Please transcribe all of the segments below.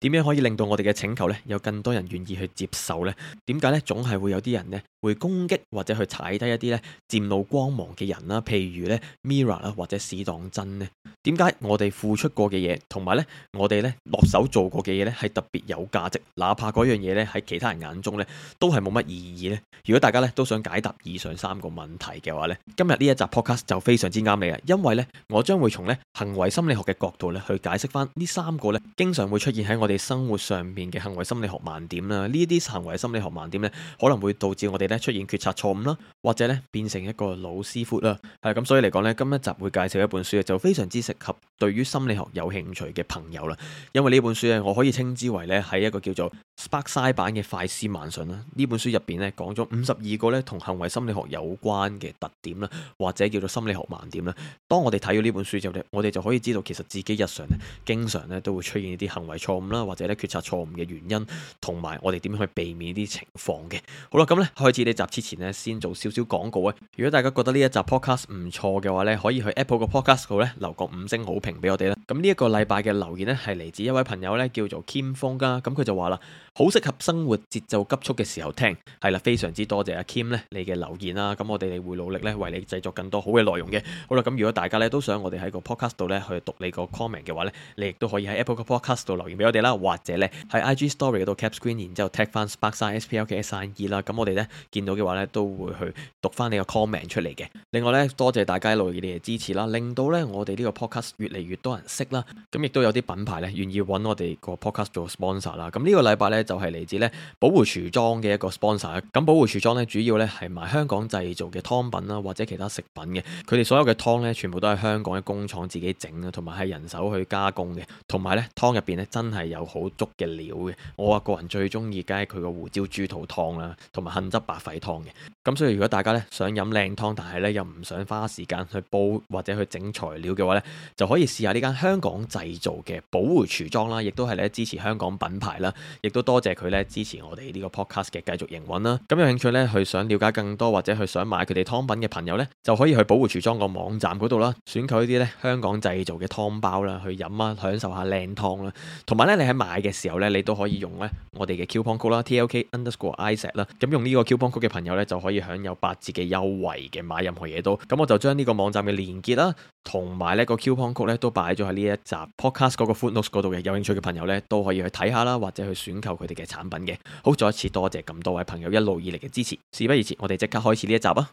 點樣可以令到我哋嘅請求咧有更多人願意去接受咧？點解咧總係會有啲人咧？會攻擊或者去踩低一啲咧漸露光芒嘅人啦、啊，譬如咧 Mirror、啊、啦，或者史當真咧。點解我哋付出過嘅嘢，同埋咧我哋咧落手做過嘅嘢咧，係特別有價值，哪怕嗰樣嘢咧喺其他人眼中咧都係冇乜意義咧。如果大家咧都想解答以上三個問題嘅話咧，今日呢一集 podcast 就非常之啱你啊，因為咧我將會從咧行為心理學嘅角度咧去解釋翻呢三個咧經常會出現喺我哋生活上面嘅行為心理學盲點啦。呢啲行為心理學盲點咧，可能會導致我哋咧。出現決策錯誤啦，或者咧變成一個老師傅啦，係咁所以嚟講呢，今一集會介紹一本書咧，就非常之適合對於心理學有興趣嘅朋友啦。因為呢本書咧，我可以稱之為咧喺一個叫做 Sparkside 版嘅快思慢想啦。呢本書入邊咧講咗五十二個咧同行為心理學有關嘅特點啦，或者叫做心理學盲點啦。當我哋睇咗呢本書之後咧，我哋就可以知道其實自己日常咧經常咧都會出現啲行為錯誤啦，或者咧決策錯誤嘅原因，同埋我哋點樣去避免啲情況嘅。好啦，咁咧開始。呢集之前咧，先做少少廣告啊！如果大家覺得呢一集 podcast 唔錯嘅話呢，可以去 Apple 個 podcast 度呢，留個五星好評俾我哋啦。咁呢一個禮拜嘅留言呢，係嚟自一位朋友呢，叫做 Kim 風噶。咁佢就話啦，好適合生活節奏急促嘅時候聽。係啦，非常之多謝阿、啊、Kim 呢你嘅留言啦。咁我哋會努力呢，為你製作更多好嘅內容嘅。好啦，咁如果大家呢都想我哋喺個 podcast 度呢，去讀你個 comment 嘅話呢，你亦都可以喺 Apple 個 podcast 度留言俾我哋啦，或者呢，喺 IG Story 度 cap screen，然之後 tag 翻 s p a r k sign SPL 嘅 sign e 啦。咁我哋呢。」見到嘅話咧，都會去讀翻你個 comment 出嚟嘅。另外咧，多謝大家一路嘅支持啦，令到咧我哋呢個 podcast 越嚟越多人識啦。咁亦都有啲品牌咧願意揾我哋個 podcast 做 sponsor 啦。咁呢個禮拜咧就係、是、嚟自咧寶湖廚莊嘅一個 sponsor。咁寶湖廚莊咧主要咧係賣香港製造嘅湯品啦，或者其他食品嘅。佢哋所有嘅湯咧全部都係香港嘅工廠自己整啊，同埋係人手去加工嘅。同埋咧湯入邊咧真係有好足嘅料嘅。我啊個人最中意梗係佢個胡椒豬肚湯啦、啊，同埋杏汁白沸湯嘅，咁所以如果大家咧想飲靚湯，但係咧又唔想花時間去煲或者去整材料嘅話咧，就可以試下呢間香港製造嘅保護廚莊啦，亦都係咧支持香港品牌啦，亦都多謝佢咧支持我哋呢個 podcast 嘅繼續營運啦。咁有興趣咧去想了解更多或者去想買佢哋湯品嘅朋友咧，就可以去保護廚莊個網站嗰度啦，選購一啲咧香港製造嘅湯包啦，去飲啊，享受下靚湯啦。同埋咧，你喺買嘅時候咧，你都可以用咧我哋嘅 coupon code 啦，T L K underscore Isaac 啦，咁用呢個 coupon 曲嘅朋友咧，就可以享有八折嘅優惠嘅買任何嘢都，咁我就將呢個網站嘅鏈接啦，同埋呢個 coupon code 咧都擺咗喺呢一集 podcast 嗰個 footnotes 嗰度嘅，有興趣嘅朋友咧都可以去睇下啦，或者去選購佢哋嘅產品嘅。好，再一次多謝咁多位朋友一路以嚟嘅支持，事不宜遲，我哋即刻開始呢一集啊！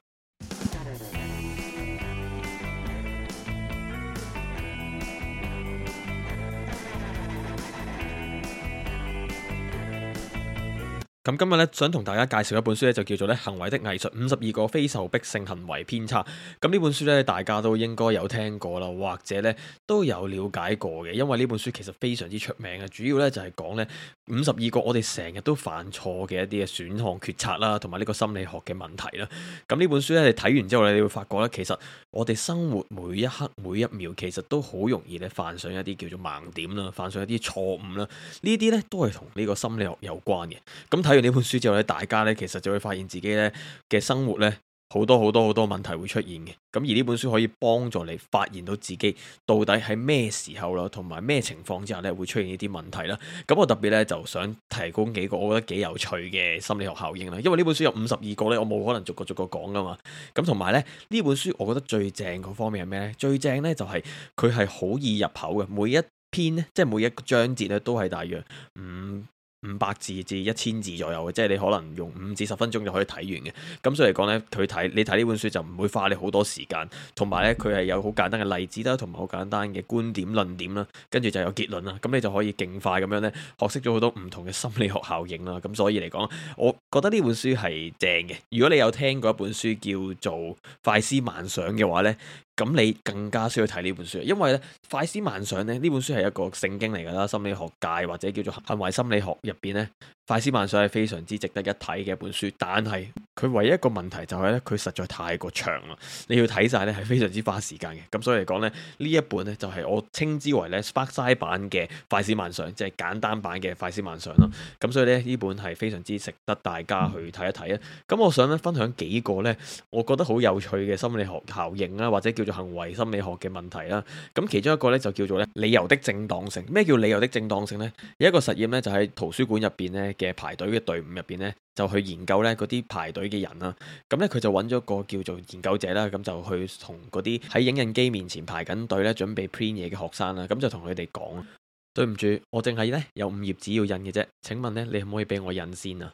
咁今日咧，想同大家介紹一本書咧，就叫做咧《行為的藝術》五十二個非受迫性行為偏差。咁呢本書咧，大家都應該有聽過啦，或者咧都有了解過嘅。因為呢本書其實非常之出名啊，主要咧就係講咧五十二個我哋成日都犯錯嘅一啲嘅選項決策啦，同埋呢個心理學嘅問題啦。咁呢本書咧，你睇完之後咧，你會發覺咧，其實我哋生活每一刻每一秒，其實都好容易咧犯上一啲叫做盲點啦，犯上一啲錯誤啦。呢啲咧都係同呢個心理學有關嘅。咁睇。睇完呢本書之後咧，大家咧其實就會發現自己咧嘅生活咧好多好多好多問題會出現嘅。咁而呢本書可以幫助你發現到自己到底喺咩時候咯，同埋咩情況之下咧會出現呢啲問題啦。咁我特別咧就想提供幾個我覺得幾有趣嘅心理學效應啦。因為呢本書有五十二個咧，我冇可能逐個逐個，逐個講噶嘛。咁同埋咧呢本書我覺得最正嗰方面係咩咧？最正咧就係佢係好易入口嘅。每一篇咧，即係每一章節咧，都係大約五。嗯五百字至一千字左右嘅，即係你可能用五至十分鐘就可以睇完嘅。咁所以嚟講呢，佢睇你睇呢本書就唔會花你好多時間，同埋呢，佢係有好簡單嘅例子啦，同埋好簡單嘅觀點論點啦，跟住就有結論啦。咁你就可以勁快咁樣呢，學識咗好多唔同嘅心理學效應啦。咁所以嚟講，我覺得呢本書係正嘅。如果你有聽過一本書叫做《快思慢想》嘅話呢。咁你更加需要睇呢本書，因為呢《快思慢想》呢，呢本書係一個聖經嚟噶啦，心理學界或者叫做行為心理學入邊呢，《快思慢想》係非常之值得一睇嘅一本書。但係佢唯一一個問題就係呢，佢實在太過長啦，你要睇晒呢係非常之花時間嘅。咁所以嚟講呢，呢一本呢就係我稱之為呢 Sparkside 版嘅《快思慢想》，即係簡單版嘅《快思慢想》咯。咁所以呢，呢本係非常之值得大家去睇一睇啊！咁我想呢分享幾個呢，我覺得好有趣嘅心理學效應啦，或者叫。叫做行為心理學嘅問題啦，咁其中一個咧就叫做咧理由的正當性。咩叫理由的正當性呢？有一個實驗咧就喺圖書館入邊咧嘅排隊嘅隊伍入邊咧，就去研究咧嗰啲排隊嘅人啦。咁咧佢就揾咗個叫做研究者啦，咁就去同嗰啲喺影印機面前排緊隊咧準備 print 嘢嘅學生啦，咁就同佢哋講：對唔住，我淨係咧有五頁紙要印嘅啫，請問咧你可唔可以俾我印先啊？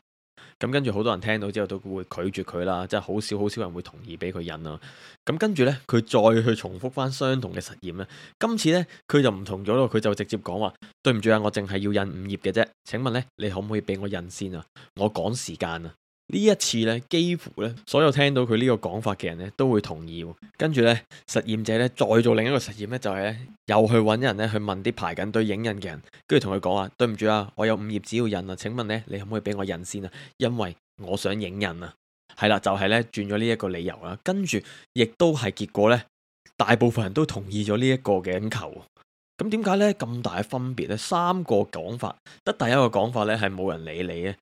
咁跟住好多人聽到之後都會拒絕佢啦，即係好少好少人會同意俾佢印啦。咁跟住呢，佢再去重複翻相同嘅實驗呢，今次呢，佢就唔同咗咯，佢就直接講話：對唔住啊，我淨係要印五頁嘅啫。請問呢，你可唔可以俾我印先啊？我趕時間啊！呢一次咧，幾乎咧所有聽到佢呢個講法嘅人咧都會同意。跟住咧，實驗者咧再做另一個實驗咧，就係咧又去揾人咧去問啲排緊隊影印嘅人，跟住同佢講啊：對唔住啊，我有五頁紙要印啊，請問咧你，你可唔可以俾我印先啊？因為我想影印啊。係啦，就係咧轉咗呢一個理由啦。跟住亦都係結果咧，大部分人都同意咗呢一個嘅要求。咁點解咧咁大分別咧？三個講法，得第一個講法咧係冇人理你嘅。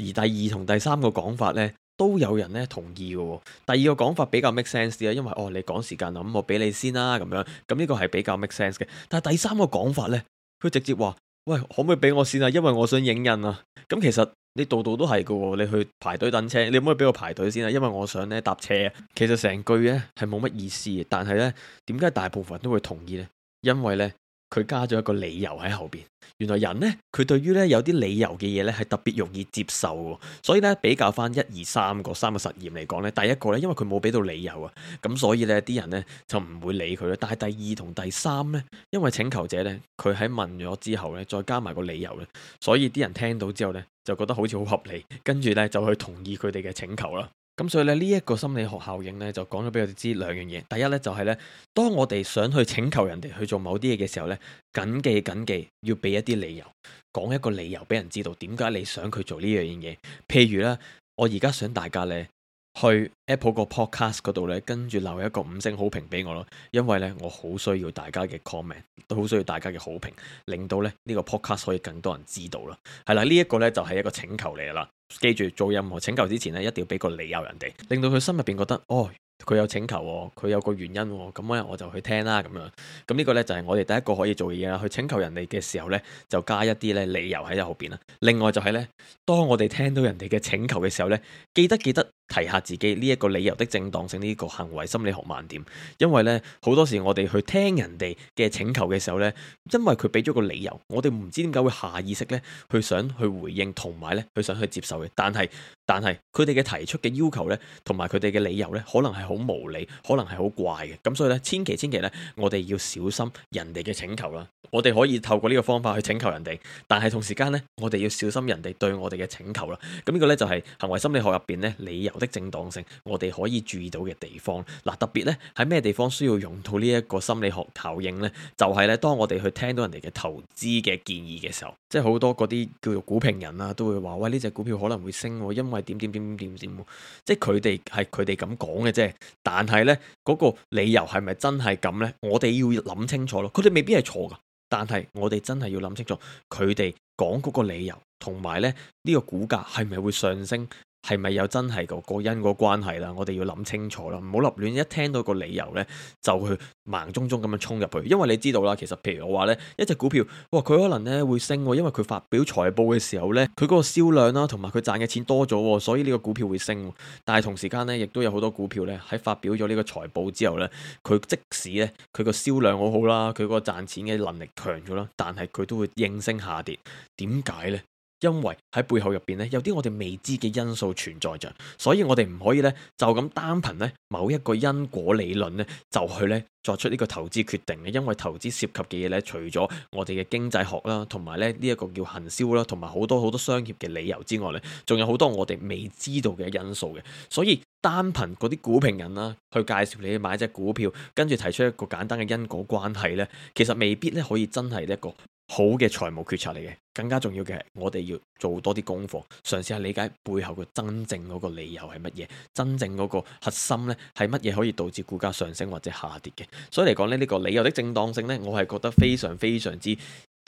而第二同第三個講法呢，都有人呢同意嘅。第二個講法比較 make sense 啊，因為哦，你趕時間啊，咁我俾你先啦，咁樣。咁呢個係比較 make sense 嘅。但係第三個講法呢，佢直接話：喂，可唔可以俾我先啊？因為我想影印啊。咁其實你度度都係嘅喎，你去排隊等車，你唔可以俾我排隊先啊？因為我想呢搭車啊。其實成句呢係冇乜意思嘅，但係呢，點解大部分都會同意呢？因為呢……佢加咗一個理由喺後邊，原來人呢，佢對於咧有啲理由嘅嘢咧係特別容易接受，所以咧比較翻一、二、三個三個實驗嚟講咧，第一個咧因為佢冇俾到理由啊，咁所以咧啲人呢，就唔會理佢咯。但係第二同第三呢，因為請求者呢，佢喺問咗之後咧再加埋個理由咧，所以啲人聽到之後呢，就覺得好似好合理，跟住呢，就去同意佢哋嘅請求啦。咁所以呢，呢一個心理學效應呢，就講咗俾我哋知兩樣嘢。第一呢，就係呢，當我哋想去請求人哋去做某啲嘢嘅時候呢，緊記緊記要俾一啲理由，講一個理由俾人知道點解你想佢做呢樣嘢。譬如呢，我而家想大家呢，去 Apple 個 Podcast 度咧，跟住留一個五星好評俾我咯，因為咧我好需要大家嘅 comment，都好需要大家嘅好評，令到咧呢個 Podcast 可以更多人知道咯。係啦，呢一個咧就係一個請求嚟嘅啦。記住做任何請求之前咧，一定要俾個理由人哋，令到佢心入邊覺得哦，佢有請求，佢有個原因，咁咧我就去聽啦。咁樣，咁呢個咧就係我哋第一個可以做嘅嘢啦。去請求人哋嘅時候咧，就加一啲咧理由喺後邊啦。另外就係咧，當我哋聽到人哋嘅請求嘅時候咧，記得記得。提下自己呢一個理由的正當性，呢個行為心理學盲點，因為咧好多時我哋去聽人哋嘅請求嘅時候咧，因為佢俾咗個理由，我哋唔知點解會下意識咧去想去回應同埋咧去想去接受嘅，但係但係佢哋嘅提出嘅要求咧同埋佢哋嘅理由咧，可能係好無理，可能係好怪嘅，咁所以咧千祈千祈咧我哋要小心人哋嘅請求啦，我哋可以透過呢個方法去請求人哋，但係同時間咧我哋要小心人哋對我哋嘅請求啦，咁呢個咧就係行為心理學入邊咧理由。的正當性，我哋可以注意到嘅地方，嗱特別咧喺咩地方需要用到呢一個心理學效應咧？就係咧，當我哋去聽到人哋嘅投資嘅建議嘅時候，即係好多嗰啲叫做股評人啊都會話喂，呢隻股票可能會升，因為點點點點點，即係佢哋係佢哋咁講嘅啫。但係咧嗰個理由係咪真係咁咧？我哋要諗清楚咯。佢哋未必係錯噶，但係我哋真係要諗清楚佢哋講嗰個理由，同埋咧呢個股價係咪會上升？係咪有真係個因果關係啦？我哋要諗清楚啦，唔好立亂一聽到一個理由呢，就去盲中中咁樣衝入去。因為你知道啦，其實譬如我話呢，一隻股票，哇，佢可能呢會升，因為佢發表財報嘅時候呢，佢嗰個銷量啦，同埋佢賺嘅錢多咗，所以呢個股票會升。但係同時間呢，亦都有好多股票呢，喺發表咗呢個財報之後呢，佢即使呢，佢個銷量好好啦，佢個賺錢嘅能力強咗啦，但係佢都會應聲下跌。點解呢？因為喺背後入邊咧，有啲我哋未知嘅因素存在着，所以我哋唔可以咧就咁單憑咧某一個因果理論咧就去咧作出呢個投資決定嘅，因為投資涉及嘅嘢咧，除咗我哋嘅經濟學啦，同埋咧呢一個叫行銷啦，同埋好多好多商業嘅理由之外咧，仲有好多我哋未知道嘅因素嘅，所以單憑嗰啲股評人啦去介紹你去買隻股票，跟住提出一個簡單嘅因果關係咧，其實未必咧可以真係一個。好嘅財務決策嚟嘅，更加重要嘅係我哋要做多啲功課，嘗試下理解背後嘅真正嗰個理由係乜嘢，真正嗰個核心呢，係乜嘢可以導致股價上升或者下跌嘅。所以嚟講呢，呢個理由的正當性呢，我係覺得非常非常之。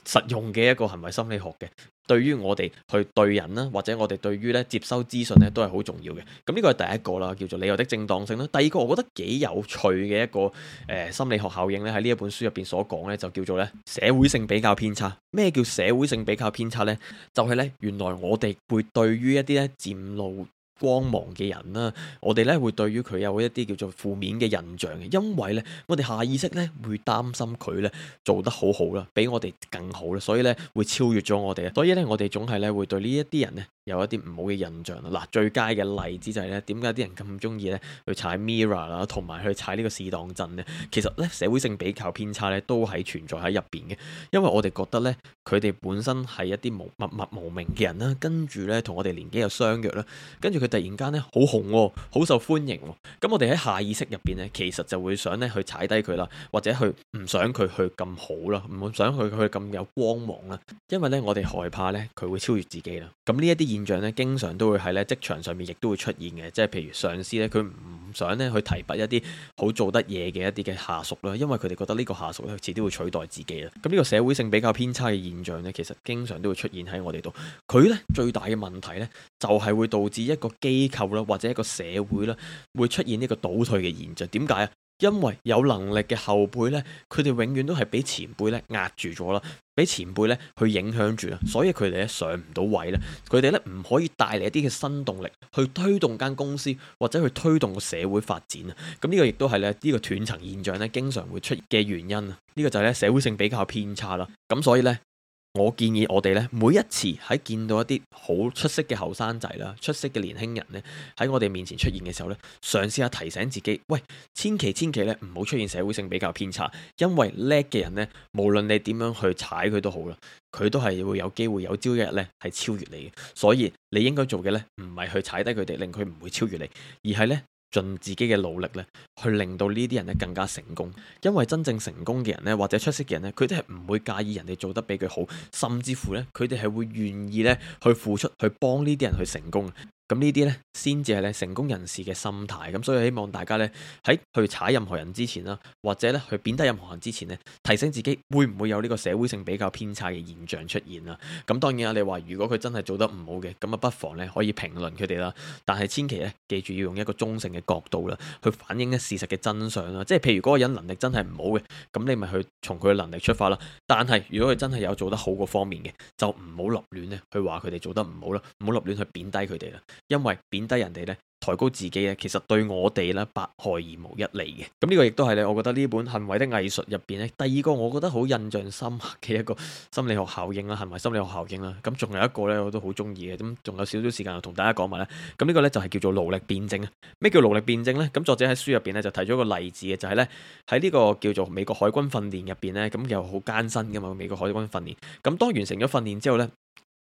實用嘅一個行為心理學嘅，對於我哋去對人啦，或者我哋對於咧接收資訊咧都係好重要嘅。咁呢個係第一個啦，叫做理由的正當性啦。第二個我覺得幾有趣嘅一個誒、呃、心理學效應咧，喺呢一本書入邊所講咧，就叫做咧社會性比較偏差。咩叫社會性比較偏差呢？就係、是、咧原來我哋會對於一啲咧漸露。光芒嘅人啦，我哋咧會對於佢有一啲叫做負面嘅印象嘅，因為咧我哋下意識咧會擔心佢咧做得好好啦，比我哋更好啦，所以咧會超越咗我哋啊，所以咧我哋總係咧會對呢一啲人咧。有一啲唔好嘅印象啦。嗱，最佳嘅例子就係咧，點解啲人咁中意咧去踩 Mirror 啦，同埋去踩呢個試當真呢？其實咧，社會性比較偏差咧都係存在喺入邊嘅。因為我哋覺得咧，佢哋本身係一啲無默默無名嘅人啦，跟住咧同我哋年紀又相若啦，跟住佢突然間咧好紅，好受歡迎。咁我哋喺下意識入邊咧，其實就會想咧去踩低佢啦，或者去唔想佢去咁好啦，唔想佢去咁有光芒啦。因為咧，我哋害怕咧佢會超越自己啦。咁呢一啲。現象咧，經常都會喺咧職場上面，亦都會出現嘅，即係譬如上司咧，佢唔想咧去提拔一啲好做得嘢嘅一啲嘅下屬啦，因為佢哋覺得呢個下屬咧遲啲會取代自己啦。咁呢個社會性比較偏差嘅現象咧，其實經常都會出現喺我哋度。佢咧最大嘅問題咧，就係會導致一個機構啦，或者一個社會啦，會出現呢個倒退嘅現象。點解啊？因為有能力嘅後輩呢，佢哋永遠都係俾前輩呢壓住咗啦，俾前輩呢去影響住啦，所以佢哋呢上唔到位呢，佢哋呢唔可以帶嚟一啲嘅新動力去推動間公司或者去推動個社會發展啊！咁呢個亦都係呢呢個斷層現象呢經常會出現嘅原因啊！呢個就係社會性比較偏差啦，咁所以呢。我建議我哋咧，每一次喺見到一啲好出色嘅後生仔啦，出色嘅年輕人呢，喺我哋面前出現嘅時候呢，嘗試下提醒自己，喂，千祈千祈咧，唔好出現社會性比較偏差，因為叻嘅人呢，無論你點樣去踩佢都好啦，佢都係會有機會有朝一日呢係超越你嘅，所以你應該做嘅呢，唔係去踩低佢哋，令佢唔會超越你，而係呢。盡自己嘅努力咧，去令到呢啲人咧更加成功。因為真正成功嘅人咧，或者出色嘅人咧，佢哋係唔會介意人哋做得比佢好，甚至乎咧，佢哋係會願意咧去付出，去幫呢啲人去成功。咁呢啲呢，先至係咧成功人士嘅心態。咁所以希望大家呢，喺去踩任何人之前啦，或者呢，去貶低任何人之前呢，提醒自己會唔會有呢個社會性比較偏差嘅現象出現啦。咁當然啊，你話如果佢真係做得唔好嘅，咁啊不妨呢，可以評論佢哋啦。但係千祈呢，記住要用一個中性嘅角度啦，去反映呢事實嘅真相啦。即係譬如嗰個人能力真係唔好嘅，咁你咪去從佢嘅能力出發啦。但係如果佢真係有做得好個方面嘅，就唔好立亂呢，去話佢哋做得唔好啦，唔好立亂去貶低佢哋啦。因為貶低人哋咧，抬高自己咧，其實對我哋咧百害而無一利嘅。咁呢個亦都係咧，我覺得呢本《行為的藝術》入邊咧，第二個我覺得好印象深刻嘅一個心理學效應啦，行為心理學效應啦？咁仲有一個咧，我都好中意嘅，咁、嗯、仲有少少時間就同大家講埋咧。咁呢個咧就係、是、叫做勞力辯證啊。咩叫勞力辯證咧？咁作者喺書入邊咧就提咗一個例子嘅，就係咧喺呢個叫做美國海軍訓練入邊咧，咁又好艱辛噶嘛，美國海軍訓練。咁當完成咗訓練之後咧。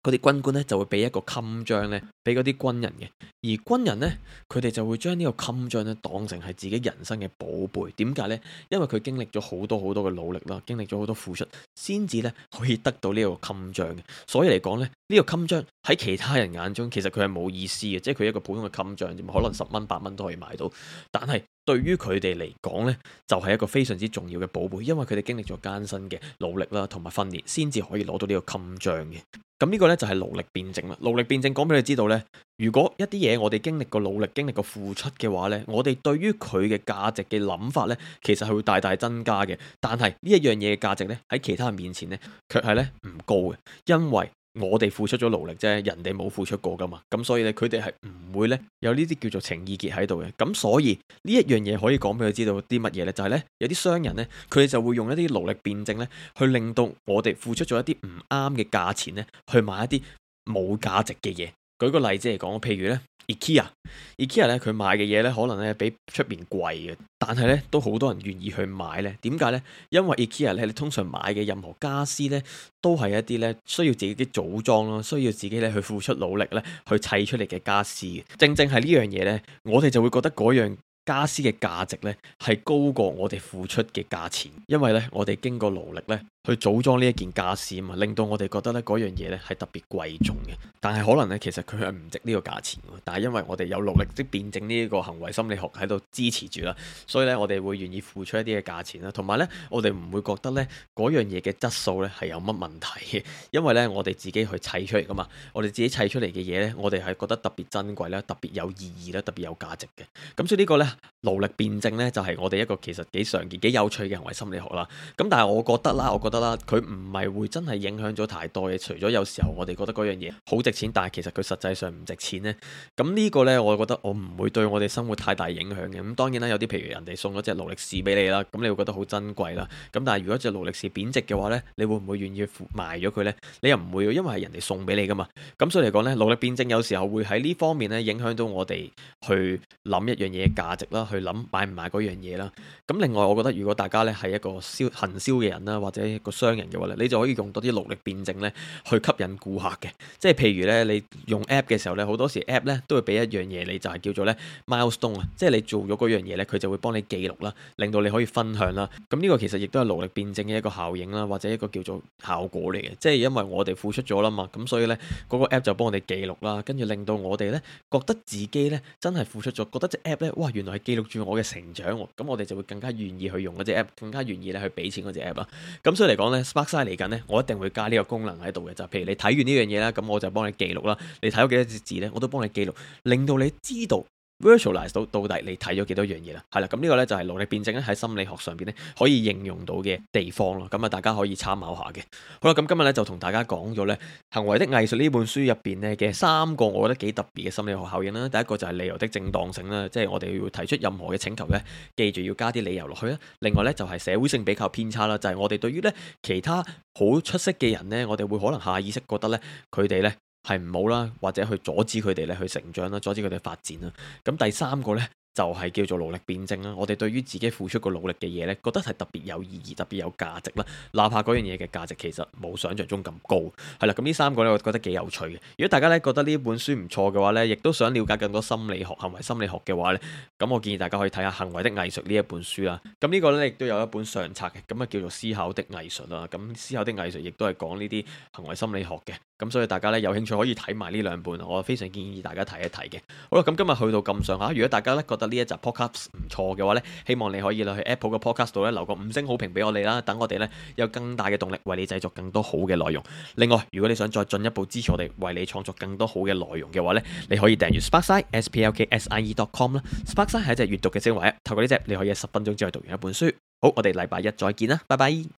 嗰啲軍官咧就會俾一個襟章咧俾嗰啲軍人嘅，而軍人呢，佢哋就會將呢個襟章咧當成係自己人生嘅寶貝。點解呢？因為佢經歷咗好多好多嘅努力啦，經歷咗好多付出，先至咧可以得到呢個襟章嘅。所以嚟講咧，呢個襟章喺其他人眼中其實佢係冇意思嘅，即係佢一個普通嘅襟章，可能十蚊八蚊都可以買到，但係。對於佢哋嚟講呢就係、是、一個非常之重要嘅寶貝，因為佢哋經歷咗艱辛嘅努力啦，同埋訓練，先至可以攞到呢個襟章嘅。咁、嗯、呢、這個呢，就係、是、勞力辯證啦。勞力辯證，講俾你知道呢，如果一啲嘢我哋經歷過努力，經歷過付出嘅話呢，我哋對於佢嘅價值嘅諗法呢，其實係會大大增加嘅。但係呢一樣嘢嘅價值呢，喺其他人面前呢，卻係呢唔高嘅，因為。我哋付出咗勞力啫，人哋冇付出過噶嘛，咁所以咧，佢哋係唔會咧有呢啲叫做情意結喺度嘅，咁所以呢一樣嘢可以講俾佢知道啲乜嘢呢？就係呢，有啲商人呢，佢哋就會用一啲勞力辯證呢，去令到我哋付出咗一啲唔啱嘅價錢呢，去買一啲冇價值嘅嘢。舉個例子嚟講，譬如呢，IKEA，IKEA 咧佢賣嘅嘢咧，可能咧比出邊貴嘅，但係咧都好多人願意去買呢。點解呢？因為 IKEA 咧，你通常買嘅任何家私呢，都係一啲咧需要自己啲組裝咯，需要自己咧去付出努力咧去砌出嚟嘅家私。正正係呢樣嘢呢，我哋就會覺得嗰樣家私嘅價值呢，係高過我哋付出嘅價錢，因為呢，我哋經過努力呢。去組裝呢一件家私啊嘛，令到我哋覺得呢嗰樣嘢咧係特別貴重嘅，但係可能咧其實佢係唔值呢個價錢，但係因為我哋有勞力即係辯證呢個行為心理學喺度支持住啦，所以呢，我哋會願意付出一啲嘅價錢啦，同埋呢，我哋唔會覺得呢嗰樣嘢嘅質素咧係有乜問題，因為呢，我哋自己去砌出嚟噶嘛，我哋自己砌出嚟嘅嘢呢，我哋係覺得特別珍貴啦，特別有意義啦，特別有價值嘅，咁所以呢個呢，勞力辯證呢，就係、是、我哋一個其實幾常見、幾有趣嘅行為心理學啦。咁但係我覺得啦，我得啦，佢唔係會真係影響咗太多嘢，除咗有時候我哋覺得嗰樣嘢好值錢，但係其實佢實際上唔值錢呢。咁呢個呢，我覺得我唔會對我哋生活太大影響嘅。咁當然啦，有啲譬如人哋送咗隻勞力士俾你啦，咁你會覺得好珍貴啦。咁但係如果隻勞力士貶值嘅話呢，你會唔會願意賣咗佢呢？你又唔會，因為係人哋送俾你噶嘛。咁所以嚟講呢，勞力貶值有時候會喺呢方面呢影響到我哋去諗一樣嘢價值啦，去諗買唔買嗰樣嘢啦。咁另外，我覺得如果大家呢係一個銷行銷嘅人啦，或者個商人嘅話咧，你就可以用多啲勞力辯證咧，去吸引顧客嘅。即係譬如咧，你用 app 嘅時候咧，好多時 app 咧都會俾一樣嘢你，就係、是、叫做咧 milestone 啊，即係你做咗嗰樣嘢咧，佢就會幫你記錄啦，令到你可以分享啦。咁、這、呢個其實亦都係勞力辯證嘅一個效應啦，或者一個叫做效果嚟嘅。即係因為我哋付出咗啦嘛，咁所以咧嗰、那個 app 就幫我哋記錄啦，跟住令到我哋咧覺得自己咧真係付出咗，覺得隻 app 咧哇原來係記錄住我嘅成長，咁我哋就會更加願意去用嗰隻 app，更加願意咧去俾錢嗰隻 app 啦。咁所以。嚟講咧，Sparkside 嚟緊咧，我一定會加呢個功能喺度嘅就係，譬如你睇完呢樣嘢啦，咁我就幫你記錄啦。你睇咗幾多隻字咧，我都幫你記錄，令到你知道。Virtualize 到到底你睇咗幾多樣嘢啦。係啦，咁、這、呢個呢就係勞力辯證咧，喺心理學上邊咧可以應用到嘅地方咯。咁啊，大家可以參考下嘅。好啦，咁今日呢就同大家講咗呢《行為的藝術》呢本書入邊呢嘅三個我覺得幾特別嘅心理學效應啦。第一個就係理由的正當性啦，即、就、係、是，我哋要提出任何嘅請求呢，記住要加啲理由落去啦。另外呢就係社會性比較偏差啦，就係、是，我哋對於呢其他好出色嘅人呢，我哋會可能下意識覺得呢佢哋呢。係唔好啦，或者去阻止佢哋咧去成長啦，阻止佢哋發展啦。咁第三個呢，就係叫做努力辯證啦。我哋對於自己付出過努力嘅嘢呢，覺得係特別有意義、特別有價值啦。哪怕嗰樣嘢嘅價值其實冇想象中咁高。係啦，咁呢三個呢，我覺得幾有趣嘅。如果大家呢覺得呢本書唔錯嘅話呢，亦都想了解更多心理學、行為心理學嘅話呢。咁我建議大家可以睇下《行為的藝術》呢一本書啦。咁呢個呢，亦都有一本上冊嘅，咁啊叫做《思考的藝術》啦。咁《思考的藝術》亦都係講呢啲行為心理學嘅。咁所以大家咧有興趣可以睇埋呢兩本，我非常建議大家睇一睇嘅。好啦，咁今日去到咁上下，如果大家咧覺得呢一集 podcast 唔錯嘅話呢，希望你可以去 Apple 嘅 podcast 度咧留個五星好評俾我哋啦，等我哋呢，有更大嘅動力為你製作更多好嘅內容。另外，如果你想再進一步支持我哋為你創作更多好嘅內容嘅話呢，你可以訂閱 s p a r k s i e s p l k s i e dot com 啦。s p a r k s i 係一隻閱讀嘅聲位啊，透過呢隻你可以喺十分鐘之內讀完一本書。好，我哋禮拜一再見啦，拜拜。